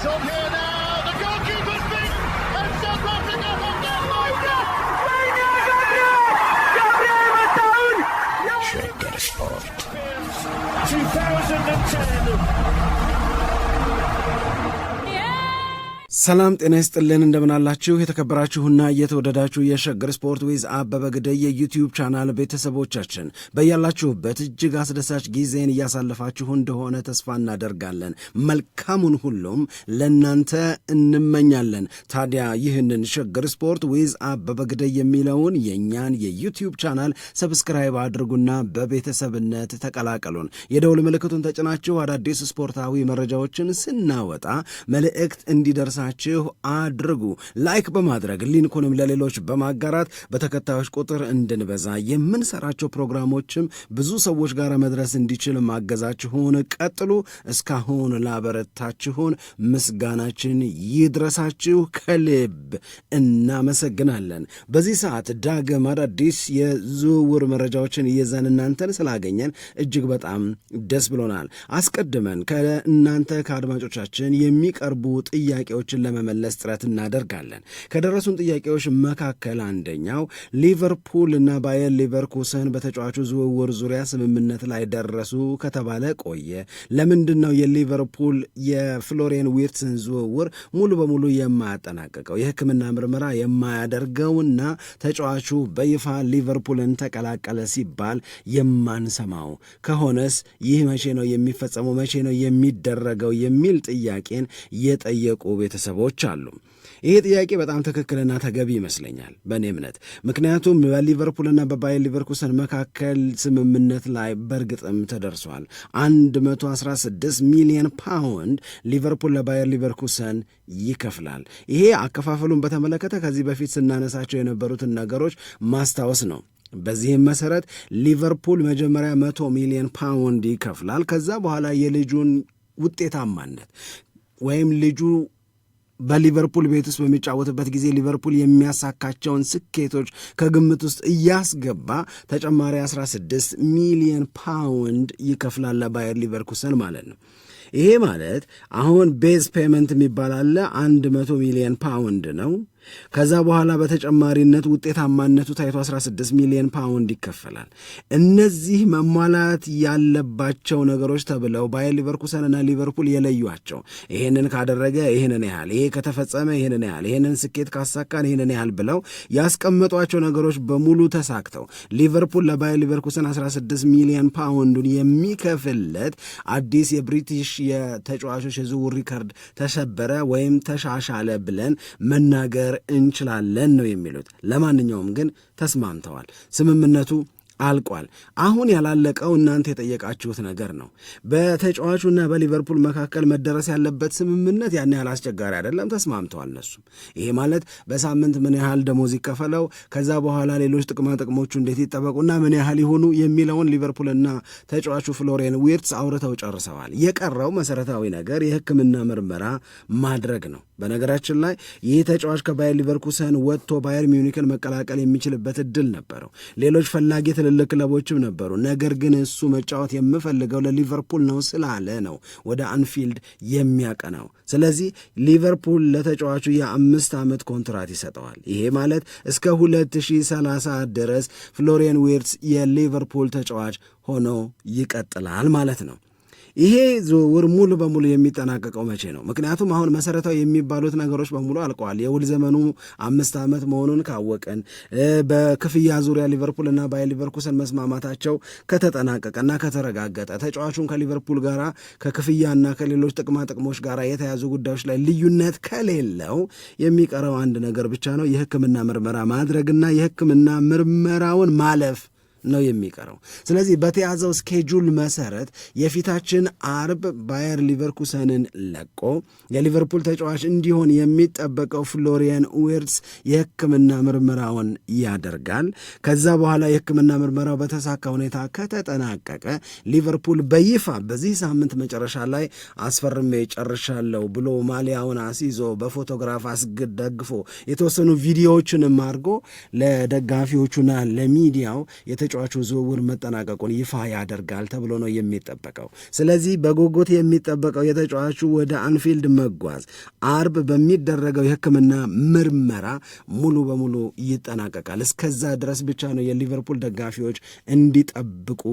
It's okay. ሰላም ጤና ይስጥልን እንደምናላችሁ የተከበራችሁና የተወደዳችሁ የሸገር ስፖርት ዊዝ አበበ ግደይ የዩትዩብ ቻናል ቤተሰቦቻችን በያላችሁበት እጅግ አስደሳች ጊዜን እያሳለፋችሁ እንደሆነ ተስፋ እናደርጋለን። መልካሙን ሁሉም ለእናንተ እንመኛለን። ታዲያ ይህንን ሸገር ስፖርት ዊዝ አበበ ግደይ የሚለውን የእኛን የዩትዩብ ቻናል ሰብስክራይብ አድርጉና በቤተሰብነት ተቀላቀሉን። የደውል ምልክቱን ተጭናችሁ አዳዲስ ስፖርታዊ መረጃዎችን ስናወጣ መልእክት እንዲደርሳ እንዳላችሁ አድርጉ። ላይክ በማድረግ ሊንኩንም ለሌሎች በማጋራት በተከታዮች ቁጥር እንድንበዛ የምንሰራቸው ፕሮግራሞችም ብዙ ሰዎች ጋር መድረስ እንዲችል ማገዛችሁን ቀጥሉ። እስካሁን ላበረታችሁን ምስጋናችን ይድረሳችሁ። ከልብ እናመሰግናለን። በዚህ ሰዓት ዳግም አዳዲስ የዝውውር መረጃዎችን እየዘን እናንተን ስላገኘን እጅግ በጣም ደስ ብሎናል። አስቀድመን ከእናንተ ከአድማጮቻችን የሚቀርቡ ጥያቄዎችን ለመመለስ ጥረት እናደርጋለን። ከደረሱን ጥያቄዎች መካከል አንደኛው ሊቨርፑል እና ባየር ሊቨርኩሰን በተጫዋቹ ዝውውር ዙሪያ ስምምነት ላይ ደረሱ ከተባለ ቆየ። ለምንድን ነው የሊቨርፑል የፍሎሪየን ዊርትስን ዝውውር ሙሉ በሙሉ የማያጠናቅቀው የሕክምና ምርመራ የማያደርገውና ተጫዋቹ በይፋ ሊቨርፑልን ተቀላቀለ ሲባል የማንሰማው ከሆነስ ይህ መቼ ነው የሚፈጸመው? መቼ ነው የሚደረገው? የሚል ጥያቄን የጠየቁ ቤተሰብ ቤተሰቦች አሉ። ይሄ ጥያቄ በጣም ትክክልና ተገቢ ይመስለኛል በእኔ እምነት። ምክንያቱም በሊቨርፑልና በባየር ሊቨርኩሰን መካከል ስምምነት ላይ በእርግጥም ተደርሷል። 116 ሚሊዮን ፓውንድ ሊቨርፑል ለባየር ሊቨርኩሰን ይከፍላል። ይሄ አከፋፈሉን በተመለከተ ከዚህ በፊት ስናነሳቸው የነበሩትን ነገሮች ማስታወስ ነው። በዚህም መሰረት ሊቨርፑል መጀመሪያ መቶ ሚሊዮን ፓውንድ ይከፍላል። ከዛ በኋላ የልጁን ውጤታማነት ወይም ልጁ በሊቨርፑል ቤት ውስጥ በሚጫወትበት ጊዜ ሊቨርፑል የሚያሳካቸውን ስኬቶች ከግምት ውስጥ እያስገባ ተጨማሪ 16 ሚሊዮን ፓውንድ ይከፍላል ለባየር ሊቨርኩሰን ማለት ነው። ይሄ ማለት አሁን ቤዝ ፔመንት የሚባል አለ፣ 100 ሚሊዮን ፓውንድ ነው። ከዛ በኋላ በተጨማሪነት ውጤታማነቱ ታይቶ 16 ሚሊዮን ፓውንድ ይከፈላል። እነዚህ መሟላት ያለባቸው ነገሮች ተብለው ባየር ሊቨርኩሰንና ሊቨርፑል የለዩቸው ይህንን ካደረገ ይህንን ያህል፣ ይሄ ከተፈጸመ ይህንን ያህል፣ ይህንን ስኬት ካሳካን ይህንን ያህል ብለው ያስቀመጧቸው ነገሮች በሙሉ ተሳክተው ሊቨርፑል ለባየር ሊቨርኩሰን 16 ሚሊዮን ፓውንዱን የሚከፍልለት አዲስ የብሪቲሽ የተጫዋቾች የዝውውር ሪከርድ ተሰበረ ወይም ተሻሻለ ብለን መናገር እንችላለን ነው የሚሉት። ለማንኛውም ግን ተስማምተዋል። ስምምነቱ አልቋል። አሁን ያላለቀው እናንተ የጠየቃችሁት ነገር ነው። በተጫዋቹና በሊቨርፑል መካከል መደረስ ያለበት ስምምነት ያን ያህል አስቸጋሪ አይደለም። ተስማምተዋል እነሱም። ይሄ ማለት በሳምንት ምን ያህል ደሞዝ ይከፈለው፣ ከዛ በኋላ ሌሎች ጥቅማ ጥቅሞቹ እንዴት ይጠበቁና ምን ያህል ይሆኑ የሚለውን ሊቨርፑልና ተጫዋቹ ፍሎሪያን ዊርትስ አውርተው ጨርሰዋል። የቀረው መሰረታዊ ነገር የሕክምና ምርመራ ማድረግ ነው። በነገራችን ላይ ይህ ተጫዋች ከባየር ሊቨርኩሰን ወጥቶ ባየር ሚውኒክን መቀላቀል የሚችልበት እድል ነበረው። ሌሎች ፈላጊ ትልልቅ ክለቦችም ነበሩ። ነገር ግን እሱ መጫወት የምፈልገው ለሊቨርፑል ነው ስላለ ነው ወደ አንፊልድ የሚያቀናው። ስለዚህ ሊቨርፑል ለተጫዋቹ የአምስት ዓመት ኮንትራት ይሰጠዋል። ይሄ ማለት እስከ 2030 ድረስ ፍሎሪየን ዊርትስ የሊቨርፑል ተጫዋች ሆኖ ይቀጥላል ማለት ነው። ይሄ ዝውውር ሙሉ በሙሉ የሚጠናቀቀው መቼ ነው? ምክንያቱም አሁን መሰረታዊ የሚባሉት ነገሮች በሙሉ አልቀዋል። የውል ዘመኑ አምስት ዓመት መሆኑን ካወቅን፣ በክፍያ ዙሪያ ሊቨርፑልና ባየር ሊቨርኩሰን መስማማታቸው ከተጠናቀቀና ከተረጋገጠ፣ ተጫዋቹን ከሊቨርፑል ጋር ከክፍያና ከሌሎች ጥቅማ ጥቅሞች ጋር የተያዙ ጉዳዮች ላይ ልዩነት ከሌለው የሚቀረው አንድ ነገር ብቻ ነው፣ የሕክምና ምርመራ ማድረግና የሕክምና ምርመራውን ማለፍ ነው የሚቀረው። ስለዚህ በተያዘው ስኬጁል መሰረት የፊታችን አርብ ባየር ሊቨርኩሰንን ለቆ የሊቨርፑል ተጫዋች እንዲሆን የሚጠበቀው ፍሎሪያን ዊርትስ የሕክምና ምርመራውን ያደርጋል። ከዛ በኋላ የሕክምና ምርመራው በተሳካ ሁኔታ ከተጠናቀቀ ሊቨርፑል በይፋ በዚህ ሳምንት መጨረሻ ላይ አስፈርሜ ጨርሻለሁ ብሎ ማሊያውን አስይዞ በፎቶግራፍ አስደግፎ የተወሰኑ ቪዲዮዎችንም አድርጎ ለደጋፊዎቹና ለሚዲያው የተጫዋቹ ዝውውር መጠናቀቁን ይፋ ያደርጋል ተብሎ ነው የሚጠበቀው። ስለዚህ በጉጉት የሚጠበቀው የተጫዋቹ ወደ አንፊልድ መጓዝ አርብ በሚደረገው የሕክምና ምርመራ ሙሉ በሙሉ ይጠናቀቃል። እስከዛ ድረስ ብቻ ነው የሊቨርፑል ደጋፊዎች እንዲጠብቁ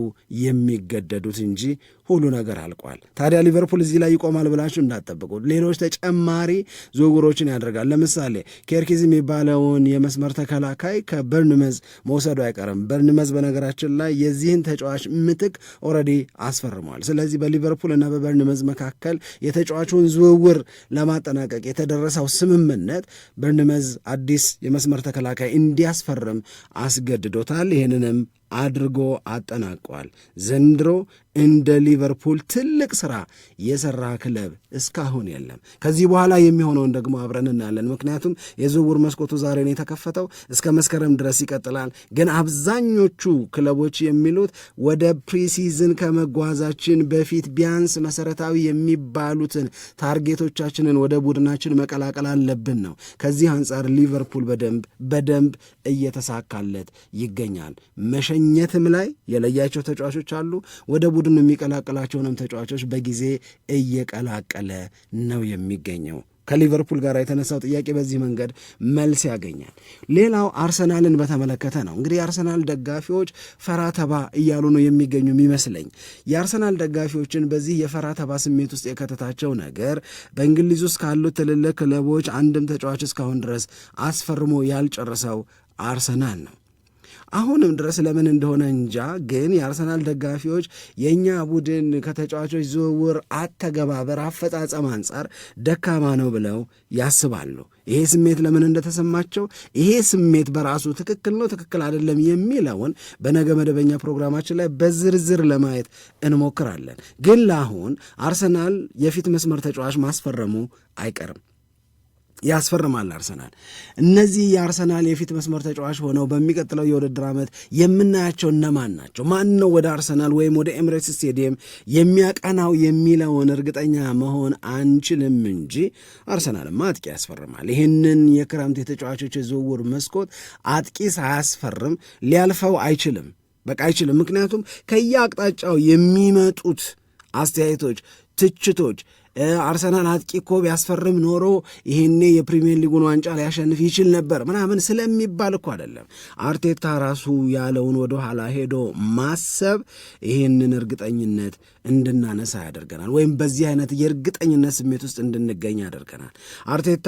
የሚገደዱት እንጂ ሁሉ ነገር አልቋል። ታዲያ ሊቨርፑል እዚህ ላይ ይቆማል ብላችሁ እንዳጠብቁ ሌሎች ተጨማሪ ዝውውሮችን ያደርጋል። ለምሳሌ ኬርኪዝ የሚባለውን የመስመር ተከላካይ ከበርንመዝ መውሰዱ አይቀርም። በርንመዝ በነገራችን ላይ የዚህን ተጫዋች ምትክ ኦልሬዲ አስፈርሟል። ስለዚህ በሊቨርፑል እና በበርንመዝ መካከል የተጫዋቹን ዝውውር ለማጠናቀቅ የተደረሰው ስምምነት በርንመዝ አዲስ የመስመር ተከላካይ እንዲያስፈርም አስገድዶታል። ይህንንም አድርጎ አጠናቋል። ዘንድሮ እንደ ሊቨርፑል ትልቅ ስራ የሰራ ክለብ እስካሁን የለም። ከዚህ በኋላ የሚሆነውን ደግሞ አብረን እናያለን። ምክንያቱም የዝውውር መስኮቱ ዛሬ ነው የተከፈተው፣ እስከ መስከረም ድረስ ይቀጥላል። ግን አብዛኞቹ ክለቦች የሚሉት ወደ ፕሪሲዝን ከመጓዛችን በፊት ቢያንስ መሰረታዊ የሚባሉትን ታርጌቶቻችንን ወደ ቡድናችን መቀላቀል አለብን ነው። ከዚህ አንጻር ሊቨርፑል በደንብ በደንብ እየተሳካለት ይገኛል መሸኛ በመገኘትም ላይ የለያቸው ተጫዋቾች አሉ። ወደ ቡድኑ የሚቀላቀላቸውንም ተጫዋቾች በጊዜ እየቀላቀለ ነው የሚገኘው። ከሊቨርፑል ጋር የተነሳው ጥያቄ በዚህ መንገድ መልስ ያገኛል። ሌላው አርሰናልን በተመለከተ ነው። እንግዲህ የአርሰናል ደጋፊዎች ፈራተባ እያሉ ነው የሚገኙ የሚመስለኝ። የአርሰናል ደጋፊዎችን በዚህ የፈራተባ ስሜት ውስጥ የከተታቸው ነገር በእንግሊዝ ውስጥ ካሉት ትልልቅ ክለቦች አንድም ተጫዋች እስካሁን ድረስ አስፈርሞ ያልጨረሰው አርሰናል ነው። አሁንም ድረስ ለምን እንደሆነ እንጃ፣ ግን የአርሰናል ደጋፊዎች የእኛ ቡድን ከተጫዋቾች ዝውውር አተገባበር፣ አፈጻጸም አንጻር ደካማ ነው ብለው ያስባሉ። ይሄ ስሜት ለምን እንደተሰማቸው ይሄ ስሜት በራሱ ትክክል ነው ትክክል አይደለም የሚለውን በነገ መደበኛ ፕሮግራማችን ላይ በዝርዝር ለማየት እንሞክራለን። ግን ለአሁን አርሰናል የፊት መስመር ተጫዋች ማስፈረሙ አይቀርም። ያስፈርማል አርሰናል። እነዚህ የአርሰናል የፊት መስመር ተጫዋች ሆነው በሚቀጥለው የውድድር ዓመት የምናያቸው እነማን ናቸው? ማን ነው ወደ አርሰናል ወይም ወደ ኤምሬትስ ስቴዲየም የሚያቀናው የሚለውን እርግጠኛ መሆን አንችልም እንጂ አርሰናልማ አጥቂ ያስፈርማል። ይህንን የክረምት የተጫዋቾች የዝውውር መስኮት አጥቂ ሳያስፈርም ሊያልፈው አይችልም። በቃ አይችልም። ምክንያቱም ከየአቅጣጫው የሚመጡት አስተያየቶች፣ ትችቶች አርሰናል አጥቂ እኮ ቢያስፈርም ኖሮ ይሄኔ የፕሪሚየር ሊጉን ዋንጫ ሊያሸንፍ ይችል ነበር ምናምን ስለሚባል እኮ አይደለም። አርቴታ ራሱ ያለውን ወደኋላ ሄዶ ማሰብ ይሄንን እርግጠኝነት እንድናነሳ ያደርገናል፣ ወይም በዚህ አይነት የእርግጠኝነት ስሜት ውስጥ እንድንገኝ ያደርገናል። አርቴታ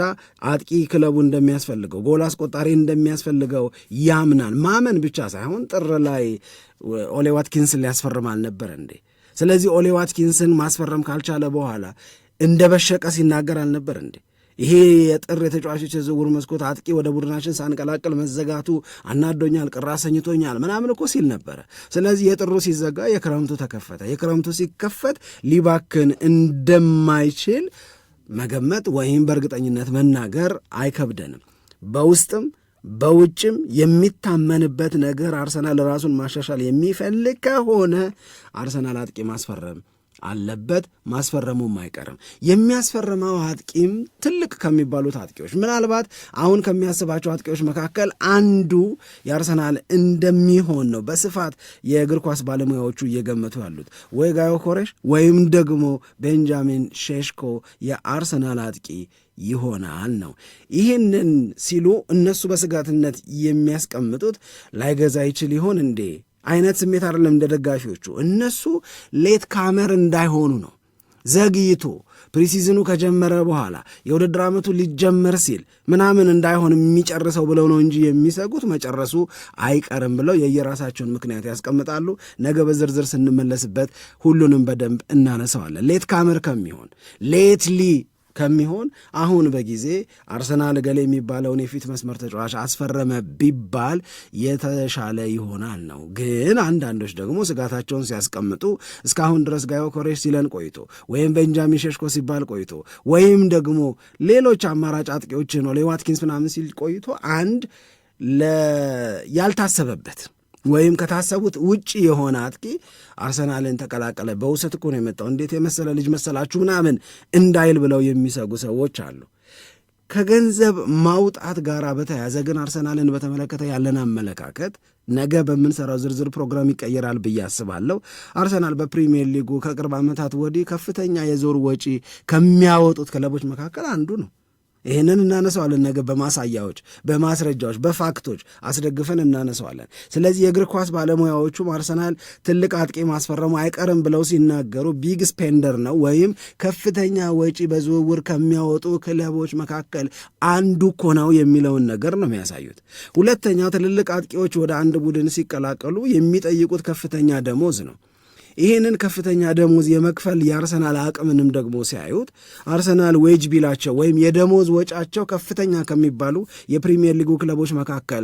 አጥቂ ክለቡ እንደሚያስፈልገው፣ ጎል አስቆጣሪ እንደሚያስፈልገው ያምናል። ማመን ብቻ ሳይሆን ጥር ላይ ኦሌ ዋትኪንስን ሊያስፈርም እንዴ? ስለዚህ ኦሊ ዋትኪንስን ማስፈረም ካልቻለ በኋላ እንደ በሸቀ ሲናገር አልነበር እንዴ? ይሄ የጥር የተጫዋቾች የዝውውር መስኮት አጥቂ ወደ ቡድናችን ሳንቀላቅል መዘጋቱ አናዶኛል፣ ቅር አሰኝቶኛል ምናምን እኮ ሲል ነበረ። ስለዚህ የጥሩ ሲዘጋ የክረምቱ ተከፈተ። የክረምቱ ሲከፈት ሊባክን እንደማይችል መገመት ወይም በእርግጠኝነት መናገር አይከብደንም። በውስጥም በውጭም የሚታመንበት ነገር አርሰናል ራሱን ማሻሻል የሚፈልግ ከሆነ አርሰናል አጥቂ ማስፈረም አለበት። ማስፈረሙም አይቀርም። የሚያስፈርመው አጥቂም ትልቅ ከሚባሉት አጥቂዎች ምናልባት አሁን ከሚያስባቸው አጥቂዎች መካከል አንዱ የአርሰናል እንደሚሆን ነው በስፋት የእግር ኳስ ባለሙያዎቹ እየገመቱ ያሉት ወይ ጋዮ ኮሬሽ ወይም ደግሞ ቤንጃሚን ሼሽኮ የአርሰናል አጥቂ ይሆናል ነው። ይህንን ሲሉ እነሱ በስጋትነት የሚያስቀምጡት ላይገዛ ይችል ይሆን እንዴ አይነት ስሜት አይደለም። እንደ ደጋፊዎቹ እነሱ ሌት ካመር እንዳይሆኑ ነው። ዘግይቶ ፕሪሲዝኑ ከጀመረ በኋላ የውድድር ዓመቱ ሊጀመር ሲል ምናምን እንዳይሆን የሚጨርሰው ብለው ነው እንጂ የሚሰጉት መጨረሱ አይቀርም ብለው የየራሳቸውን ምክንያት ያስቀምጣሉ። ነገ በዝርዝር ስንመለስበት ሁሉንም በደንብ እናነሰዋለን። ሌት ካምር ከሚሆን ሌትሊ ከሚሆን አሁን በጊዜ አርሰናል ገሌ የሚባለውን የፊት መስመር ተጫዋች አስፈረመ ቢባል የተሻለ ይሆናል ነው። ግን አንዳንዶች ደግሞ ስጋታቸውን ሲያስቀምጡ እስካሁን ድረስ ጋዮ ኮሬሽ ሲለን ቆይቶ ወይም ቤንጃሚን ሸሽኮ ሲባል ቆይቶ ወይም ደግሞ ሌሎች አማራጭ አጥቂዎች ነው ሌዋትኪንስ ምናምን ሲል ቆይቶ አንድ ያልታሰበበት ወይም ከታሰቡት ውጭ የሆነ አጥቂ አርሰናልን ተቀላቀለ፣ በውሰት እኮ ነው የመጣው፣ እንዴት የመሰለ ልጅ መሰላችሁ ምናምን እንዳይል ብለው የሚሰጉ ሰዎች አሉ። ከገንዘብ ማውጣት ጋር በተያያዘ ግን አርሰናልን በተመለከተ ያለን አመለካከት ነገ በምንሰራው ዝርዝር ፕሮግራም ይቀየራል ብዬ አስባለሁ። አርሰናል በፕሪሚየር ሊጉ ከቅርብ ዓመታት ወዲህ ከፍተኛ የዞር ወጪ ከሚያወጡት ክለቦች መካከል አንዱ ነው። ይህንን እናነሰዋለን። ነገ በማሳያዎች በማስረጃዎች በፋክቶች አስደግፈን እናነሰዋለን። ስለዚህ የእግር ኳስ ባለሙያዎቹም አርሰናል ትልቅ አጥቂ ማስፈረሙ አይቀርም ብለው ሲናገሩ ቢግ ስፔንደር ነው ወይም ከፍተኛ ወጪ በዝውውር ከሚያወጡ ክለቦች መካከል አንዱ እኮ ነው የሚለውን ነገር ነው የሚያሳዩት። ሁለተኛው ትልልቅ አጥቂዎች ወደ አንድ ቡድን ሲቀላቀሉ የሚጠይቁት ከፍተኛ ደሞዝ ነው። ይህንን ከፍተኛ ደሞዝ የመክፈል የአርሰናል አቅምንም ደግሞ ሲያዩት አርሰናል ዌጅ ቢላቸው ወይም የደሞዝ ወጫቸው ከፍተኛ ከሚባሉ የፕሪሚየር ሊጉ ክለቦች መካከል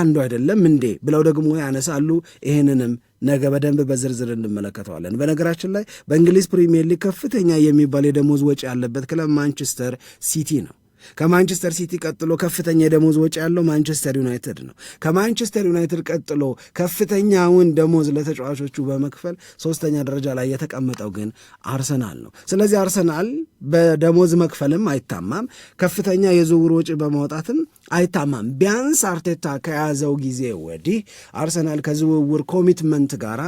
አንዱ አይደለም እንዴ ብለው ደግሞ ያነሳሉ። ይህንንም ነገ በደንብ በዝርዝር እንመለከተዋለን። በነገራችን ላይ በእንግሊዝ ፕሪምየር ሊግ ከፍተኛ የሚባል የደሞዝ ወጪ ያለበት ክለብ ማንቸስተር ሲቲ ነው። ከማንቸስተር ሲቲ ቀጥሎ ከፍተኛ የደሞዝ ወጪ ያለው ማንቸስተር ዩናይትድ ነው። ከማንቸስተር ዩናይትድ ቀጥሎ ከፍተኛውን ደሞዝ ለተጫዋቾቹ በመክፈል ሶስተኛ ደረጃ ላይ የተቀመጠው ግን አርሰናል ነው። ስለዚህ አርሰናል በደሞዝ መክፈልም አይታማም፣ ከፍተኛ የዝውውር ወጪ በማውጣትም አይታማም። ቢያንስ አርቴታ ከያዘው ጊዜ ወዲህ አርሰናል ከዝውውር ኮሚትመንት ጋር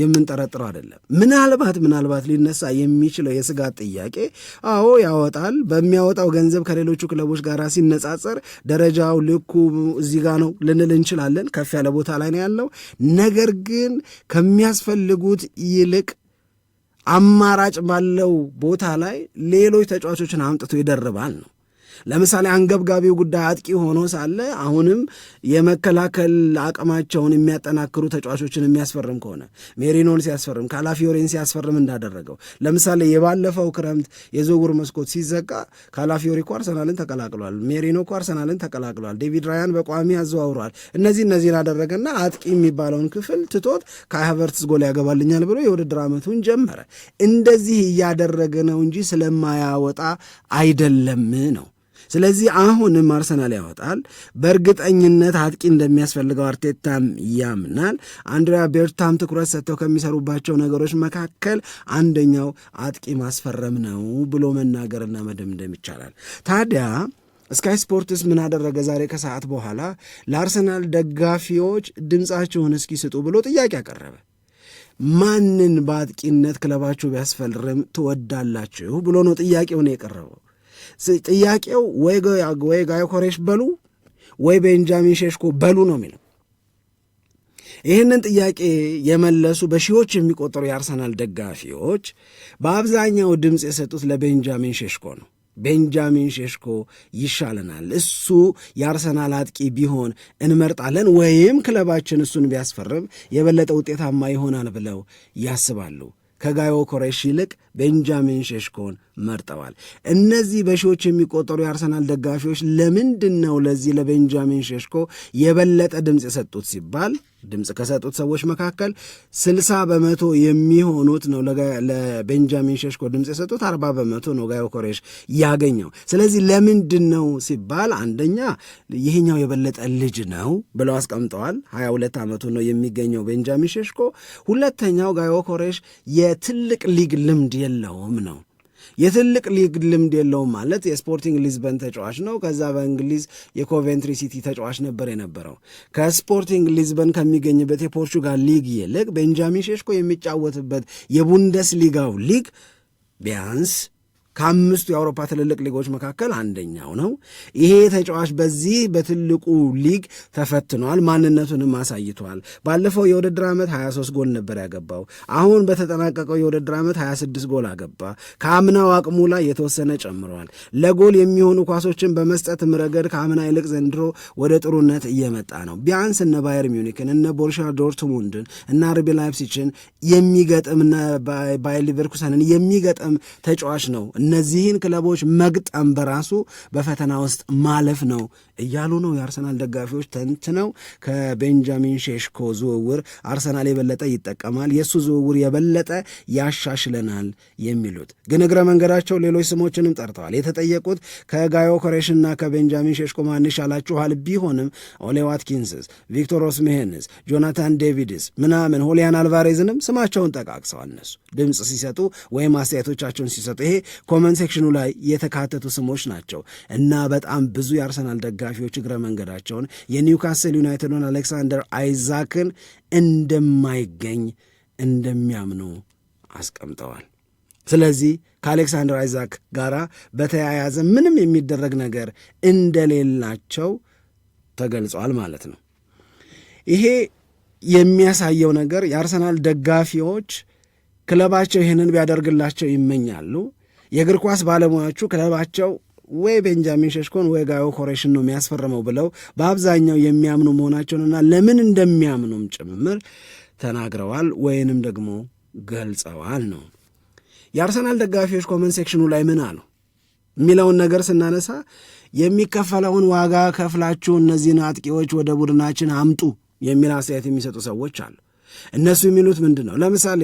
የምንጠረጥረው አይደለም። ምናልባት ምናልባት ሊነሳ የሚችለው የስጋት ጥያቄ አዎ ያወጣል። በሚያወጣው ገንዘብ ከሌሎቹ ክለቦች ጋር ሲነጻጸር ደረጃው ልኩ እዚህ ጋ ነው ልንል እንችላለን። ከፍ ያለ ቦታ ላይ ነው ያለው። ነገር ግን ከሚያስፈልጉት ይልቅ አማራጭ ባለው ቦታ ላይ ሌሎች ተጫዋቾችን አምጥቶ ይደርባል ነው ለምሳሌ አንገብጋቢው ጉዳይ አጥቂ ሆኖ ሳለ አሁንም የመከላከል አቅማቸውን የሚያጠናክሩ ተጫዋቾችን የሚያስፈርም ከሆነ ሜሪኖን ሲያስፈርም ካላፊዮሬን ሲያስፈርም እንዳደረገው ለምሳሌ የባለፈው ክረምት የዝውውር መስኮት ሲዘጋ ካላፊዮሪ እኮ አርሰናልን ተቀላቅሏል፣ ሜሪኖ እኮ አርሰናልን ተቀላቅሏል፣ ዴቪድ ራያን በቋሚ አዘዋውሯል። እነዚህ እነዚህን አደረገና አጥቂ የሚባለውን ክፍል ትቶት ካይ ሃቨርትዝ ጎል ያገባልኛል ብሎ የውድድር ዓመቱን ጀመረ። እንደዚህ እያደረገ ነው እንጂ ስለማያወጣ አይደለም ነው። ስለዚህ አሁንም አርሰናል ያወጣል። በእርግጠኝነት አጥቂ እንደሚያስፈልገው አርቴታም ያምናል። አንድሪያ ቤርታም ትኩረት ሰጥተው ከሚሰሩባቸው ነገሮች መካከል አንደኛው አጥቂ ማስፈረም ነው ብሎ መናገርና መደምደም ይቻላል። ታዲያ ስካይ ስፖርትስ ምን አደረገ? ዛሬ ከሰዓት በኋላ ለአርሰናል ደጋፊዎች ድምፃችሁን እስኪ ስጡ ብሎ ጥያቄ አቀረበ። ማንን በአጥቂነት ክለባችሁ ቢያስፈርም ትወዳላችሁ ብሎ ነው ጥያቄውን የቀረበው። ጥያቄው ወይ ጋዮ ኮሬሽ በሉ ወይ ቤንጃሚን ሼሽኮ በሉ ነው የሚለው። ይህንን ጥያቄ የመለሱ በሺዎች የሚቆጠሩ የአርሰናል ደጋፊዎች በአብዛኛው ድምፅ የሰጡት ለቤንጃሚን ሼሽኮ ነው። ቤንጃሚን ሼሽኮ ይሻለናል፣ እሱ የአርሰናል አጥቂ ቢሆን እንመርጣለን፣ ወይም ክለባችን እሱን ቢያስፈርም የበለጠ ውጤታማ ይሆናል ብለው ያስባሉ። ከጋዮ ኮሬሽ ይልቅ ቤንጃሚን ሼሽኮን መርጠዋል። እነዚህ በሺዎች የሚቆጠሩ የአርሰናል ደጋፊዎች ለምንድን ነው ለዚህ ለቤንጃሚን ሸሽኮ የበለጠ ድምፅ የሰጡት ሲባል ድምፅ ከሰጡት ሰዎች መካከል ስልሳ በመቶ የሚሆኑት ነው ለቤንጃሚን ሸሽኮ ድምፅ የሰጡት፣ አርባ በመቶ ነው ጋዮ ኮሬሽ ያገኘው። ስለዚህ ለምንድን ነው ሲባል አንደኛ ይሄኛው የበለጠ ልጅ ነው ብለው አስቀምጠዋል። ሀያ ሁለት ዓመቱ ነው የሚገኘው ቤንጃሚን ሸሽኮ ሁለተኛው ጋዮ ኮሬሽ የትልቅ ሊግ ልምድ የለውም ነው የትልቅ ሊግ ልምድ የለውም ማለት የስፖርቲንግ ሊዝበን ተጫዋች ነው። ከዛ በእንግሊዝ የኮቬንትሪ ሲቲ ተጫዋች ነበር የነበረው። ከስፖርቲንግ ሊዝበን ከሚገኝበት የፖርቹጋል ሊግ ይልቅ ቤንጃሚን ሼሽኮ የሚጫወትበት የቡንደስ ሊጋው ሊግ ቢያንስ ከአምስቱ የአውሮፓ ትልልቅ ሊጎች መካከል አንደኛው ነው። ይሄ ተጫዋች በዚህ በትልቁ ሊግ ተፈትኗል፣ ማንነቱንም አሳይቷል። ባለፈው የውድድር ዓመት 23 ጎል ነበር ያገባው። አሁን በተጠናቀቀው የውድድር ዓመት 26 ጎል አገባ። ከአምናው አቅሙ ላይ የተወሰነ ጨምሯል። ለጎል የሚሆኑ ኳሶችን በመስጠትም ረገድ ከአምና ይልቅ ዘንድሮ ወደ ጥሩነት እየመጣ ነው። ቢያንስ እነ ባየር ሚኒክን እነ ቦርሻ ዶርትሙንድን እና አርቢ ላይፕሲችን የሚገጥም ባየር ሊቨርኩሰንን የሚገጥም ተጫዋች ነው። እነዚህን ክለቦች መግጠም በራሱ በፈተና ውስጥ ማለፍ ነው እያሉ ነው የአርሰናል ደጋፊዎች ተንትነው። ከቤንጃሚን ሼሽኮ ዝውውር አርሰናል የበለጠ ይጠቀማል፣ የእሱ ዝውውር የበለጠ ያሻሽለናል የሚሉት ግን እግረ መንገዳቸው ሌሎች ስሞችንም ጠርተዋል። የተጠየቁት ከጋዮ ኮሬሽና ከቤንጃሚን ሼሽኮ ማን ይሻላችኋል ቢሆንም ኦሌ ዋትኪንስስ፣ ቪክቶር ኦስሜሄንስ፣ ጆናታን ዴቪድስ ምናምን ሆሊያን አልቫሬዝንም ስማቸውን ጠቃቅሰዋል። እነሱ ድምፅ ሲሰጡ ወይም አስተያየቶቻቸውን ሲሰጡ ይሄ ኮመንት ሴክሽኑ ላይ የተካተቱ ስሞች ናቸው እና በጣም ብዙ የአርሰናል ደጋ ደጋፊዎች እግረ መንገዳቸውን የኒውካስል ዩናይትድን አሌክሳንደር አይዛክን እንደማይገኝ እንደሚያምኑ አስቀምጠዋል። ስለዚህ ከአሌክሳንደር አይዛክ ጋር በተያያዘ ምንም የሚደረግ ነገር እንደሌላቸው ተገልጿል ማለት ነው። ይሄ የሚያሳየው ነገር የአርሰናል ደጋፊዎች ክለባቸው ይህንን ቢያደርግላቸው ይመኛሉ። የእግር ኳስ ባለሙያዎቹ ክለባቸው ወይ ቤንጃሚን ሸሽኮን ወይ ጋዮ ኮሬሽን ነው የሚያስፈርመው ብለው በአብዛኛው የሚያምኑ መሆናቸውንና ለምን እንደሚያምኑም ጭምር ተናግረዋል ወይንም ደግሞ ገልጸዋል ነው። የአርሰናል ደጋፊዎች ኮመን ሴክሽኑ ላይ ምን አሉ የሚለውን ነገር ስናነሳ የሚከፈለውን ዋጋ ከፍላችሁ እነዚህን አጥቂዎች ወደ ቡድናችን አምጡ የሚል አስተያየት የሚሰጡ ሰዎች አሉ። እነሱ የሚሉት ምንድን ነው? ለምሳሌ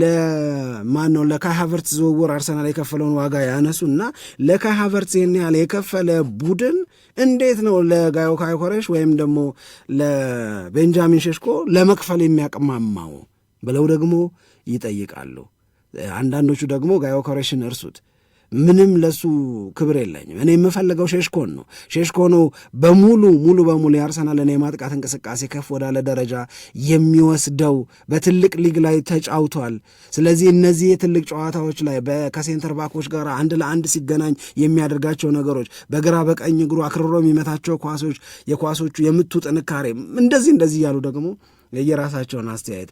ለማን ነው ለካይ ሀቨርት ዝውውር አርሰናል የከፈለውን ዋጋ ያነሱ እና ለካይ ሀቨርት ይህን ያህል የከፈለ ቡድን እንዴት ነው ለጋዮ ካይኮሬሽ ወይም ደግሞ ለቤንጃሚን ሸሽኮ ለመክፈል የሚያቅማማው ብለው ደግሞ ይጠይቃሉ። አንዳንዶቹ ደግሞ ጋዮ ኮሬሽን እርሱት ምንም ለሱ ክብር የለኝም። እኔ የምፈልገው ሼሽኮን ነው። ሼሽኮኑ በሙሉ ሙሉ በሙሉ የአርሰናልን የማጥቃት እንቅስቃሴ ከፍ ወዳለ ደረጃ የሚወስደው። በትልቅ ሊግ ላይ ተጫውቷል። ስለዚህ እነዚህ የትልቅ ጨዋታዎች ላይ ከሴንተር ባኮች ጋር አንድ ለአንድ ሲገናኝ የሚያደርጋቸው ነገሮች፣ በግራ በቀኝ እግሩ አክርሮ የሚመታቸው ኳሶች፣ የኳሶቹ የምቱ ጥንካሬ እንደዚህ እንደዚህ እያሉ ደግሞ የየራሳቸውን አስተያየት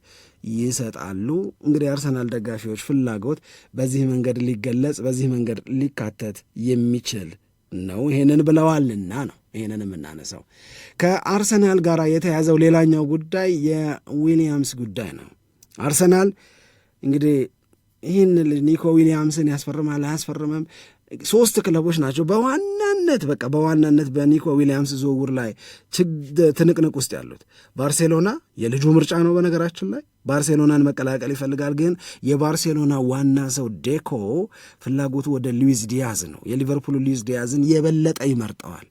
ይሰጣሉ። እንግዲህ አርሰናል ደጋፊዎች ፍላጎት በዚህ መንገድ ሊገለጽ በዚህ መንገድ ሊካተት የሚችል ነው። ይሄንን ብለዋልና ነው ይሄንን የምናነሳው። ከአርሰናል ጋር የተያዘው ሌላኛው ጉዳይ የዊሊያምስ ጉዳይ ነው። አርሰናል እንግዲህ ይህን ኒኮ ዊሊያምስን ያስፈርማል አያስፈርምም፣ ሶስት ክለቦች ናቸው በዋናነት በቃ በዋናነት በኒኮ ዊሊያምስ ዝውውር ላይ ትንቅንቅ ውስጥ ያሉት። ባርሴሎና የልጁ ምርጫ ነው። በነገራችን ላይ ባርሴሎናን መቀላቀል ይፈልጋል፣ ግን የባርሴሎና ዋና ሰው ዴኮ ፍላጎቱ ወደ ሉዊዝ ዲያዝ ነው። የሊቨርፑል ሉዊዝ ዲያዝን የበለጠ ይመርጠዋል።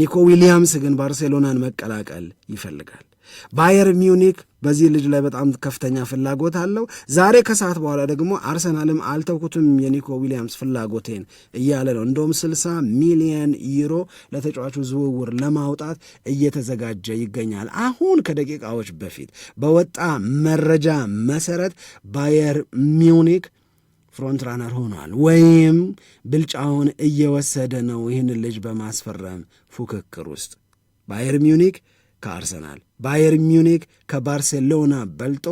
ኒኮ ዊሊያምስ ግን ባርሴሎናን መቀላቀል ይፈልጋል። ባየር ሚውኒክ በዚህ ልጅ ላይ በጣም ከፍተኛ ፍላጎት አለው። ዛሬ ከሰዓት በኋላ ደግሞ አርሰናልም አልተውኩትም የኒኮ ዊሊያምስ ፍላጎቴን እያለ ነው። እንደውም 60 ሚሊየን ዩሮ ለተጫዋቹ ዝውውር ለማውጣት እየተዘጋጀ ይገኛል። አሁን ከደቂቃዎች በፊት በወጣ መረጃ መሰረት ባየር ሚውኒክ ፍሮንት ራነር ሆኗል፣ ወይም ብልጫውን እየወሰደ ነው። ይህን ልጅ በማስፈረም ፉክክር ውስጥ ባየር ሚውኒክ ከአርሰናል፣ ባየር ሚውኒክ ከባርሴሎና በልጦ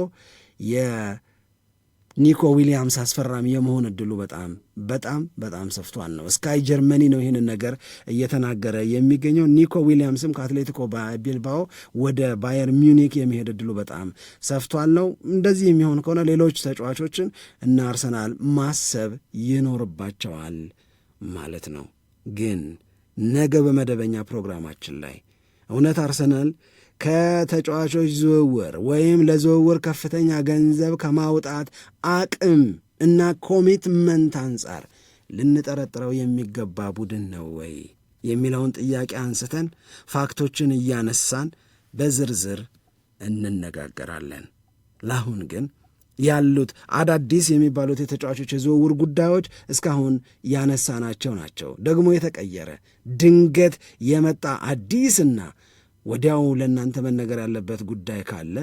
የኒኮ ዊሊያምስ አስፈራሚ የመሆን እድሉ በጣም በጣም በጣም ሰፍቷል ነው። ስካይ ጀርመኒ ነው ይህንን ነገር እየተናገረ የሚገኘው። ኒኮ ዊሊያምስም ከአትሌቲኮ ቢልባኦ ወደ ባየር ሚዩኒክ የሚሄድ እድሉ በጣም ሰፍቷል ነው። እንደዚህ የሚሆን ከሆነ ሌሎች ተጫዋቾችን እና አርሰናል ማሰብ ይኖርባቸዋል ማለት ነው። ግን ነገ በመደበኛ ፕሮግራማችን ላይ እውነት አርሰናል ከተጫዋቾች ዝውውር ወይም ለዝውውር ከፍተኛ ገንዘብ ከማውጣት አቅም እና ኮሚትመንት አንጻር ልንጠረጥረው የሚገባ ቡድን ነው ወይ የሚለውን ጥያቄ አንስተን ፋክቶችን እያነሳን በዝርዝር እንነጋገራለን። ለአሁን ግን ያሉት አዳዲስ የሚባሉት የተጫዋቾች የዝውውር ጉዳዮች እስካሁን ያነሳናቸው ናቸው። ደግሞ የተቀየረ ድንገት የመጣ አዲስና ወዲያው ለእናንተ መነገር ያለበት ጉዳይ ካለ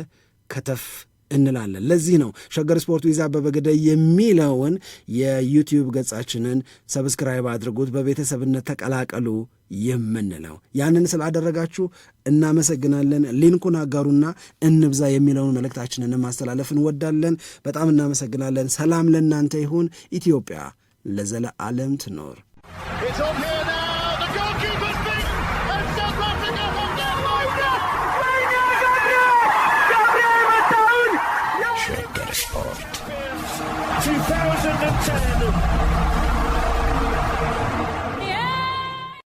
ከተፍ እንላለን። ለዚህ ነው ሸገር ስፖርት ዊዛ አበበ የሚለውን የዩቲዩብ ገጻችንን ሰብስክራይብ አድርጉት፣ በቤተሰብነት ተቀላቀሉ የምንለው። ያንን ስላደረጋችሁ እናመሰግናለን። ሊንኩን አጋሩና እንብዛ የሚለውን መልእክታችንን ማስተላለፍ እንወዳለን። በጣም እናመሰግናለን። ሰላም ለእናንተ ይሁን። ኢትዮጵያ ለዘለዓለም ትኖር።